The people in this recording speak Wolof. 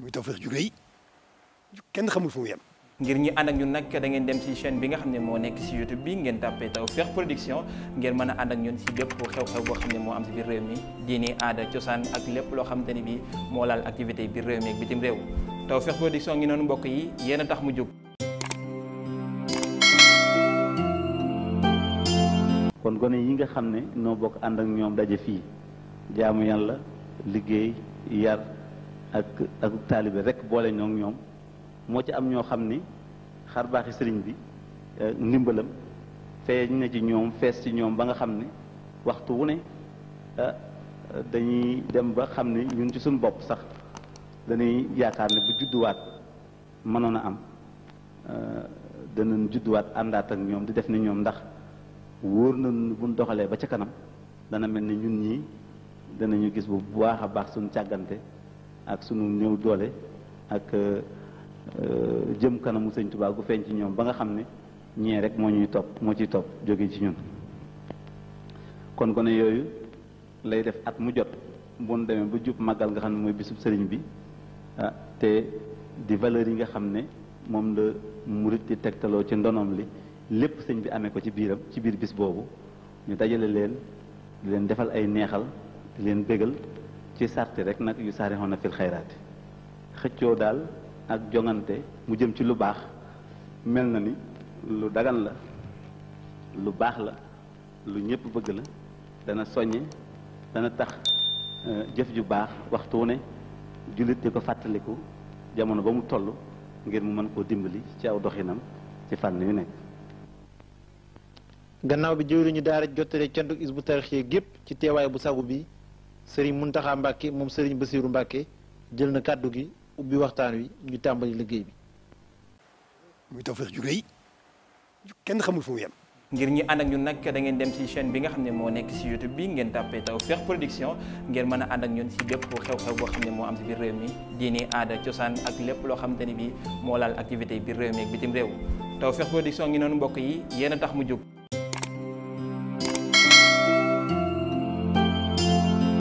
muy Tawfekh ju rëy kenn xamul fu mu ngir ñi ànd ak ñun nag da ngeen dem ci chaîne bi nga xam ne moo nekk ci YouTube bi ngeen tàppee Tawfekh Production ngeen mën a ànd ak ñun ci bépp xew-xew boo xam ne moo am ci biir réew mi diini aada cosaan ak lépp loo xamante ni bi moo laal activité biir réew mi ak bitim réew Tawfekh Production ngi noonu mbokk yi yéen a tax mu jóg. kon gone yi nga xam ne noo bokk ànd ak ñoom daje fii jaamu yàlla liggéey yar. ak ak taalibe rek boole ñoom ñoom moo ci am ñoo xam ni xar baaxi sëriñ bi eh, ndimbalam feeñ na ci ñoom fees ci ñoom ba nga xam ni waxtu wu ne eh, dañuy dem ba xam ne ñun ci suñu bopp sax dañuy yaakaar ne bu judduwaat mënoon a am eh, danañ judduwaat àndaat ak ñoom di def ni ñoom ndax wóor nañu buñ doxalee ba ca kanam dana mel ni ñun ñii danañu gis bu baax a baax suñ càggante ak sunu ñëw doole ak euh, euh, jëm kanamu sëñ Tuubaa gu feeñ ci ñoom ba nga xam ne ñee rek moo ñuy topp moo ciy topp jóge ci ñun kon gone yooyu lay def at mu jot bu deme demee ba jub màggal nga xam ne mooy bisub sëriñ bi ah te di valeur yi nga xam ne moom la murit tegtaloo ci ndonoom li lépp sëñ bi amee ko ci biiram ci biir bis boobu ñu dajale leen di leen defal ay neexal di leen bégal ci sarti rek nag yu saari xoon na fil xayraati xëccoo daal ak jongante mu jëm ci lu baax mel na ni lu dagan la lu baax la lu ñëpp bëgg la dana soññe dana tax euh, jëf ju baax waxtu ne jullit di ko fàttaliku jamono ba mu toll ngir mu mën koo dimbali ci aw doxinam ci fànn yu nekk gannaaw bi jëwriñu daara jottale cantuk Hizbut Tarqiyyah gépp ci teewaay bu sagu bii sëriñ Muntaxa Mbàkke moom sëriñ Basiiru Mbàkke jël na kàddu gi ubbi waxtaan wi ñu tàmbali liggéey bi muy Tawfekh ju rëy kenn xamul fu mu yem ngir ñi ànd ak ñun nag da ngeen dem ci chaîne bi nga xam ne moo nekk ci YouTube bi ngeen tàppee Tawfekh Production ngeen mën a ànd ak ñun ci bépp xew-xew boo xam ne moo am ci biir réew mi diini aada cosaan ak lépp loo xamante ni bi moo laal activité biir réew mi ak bitim réew Tawfekh Production ngi noonu mbokk yi yéen tax mu jóg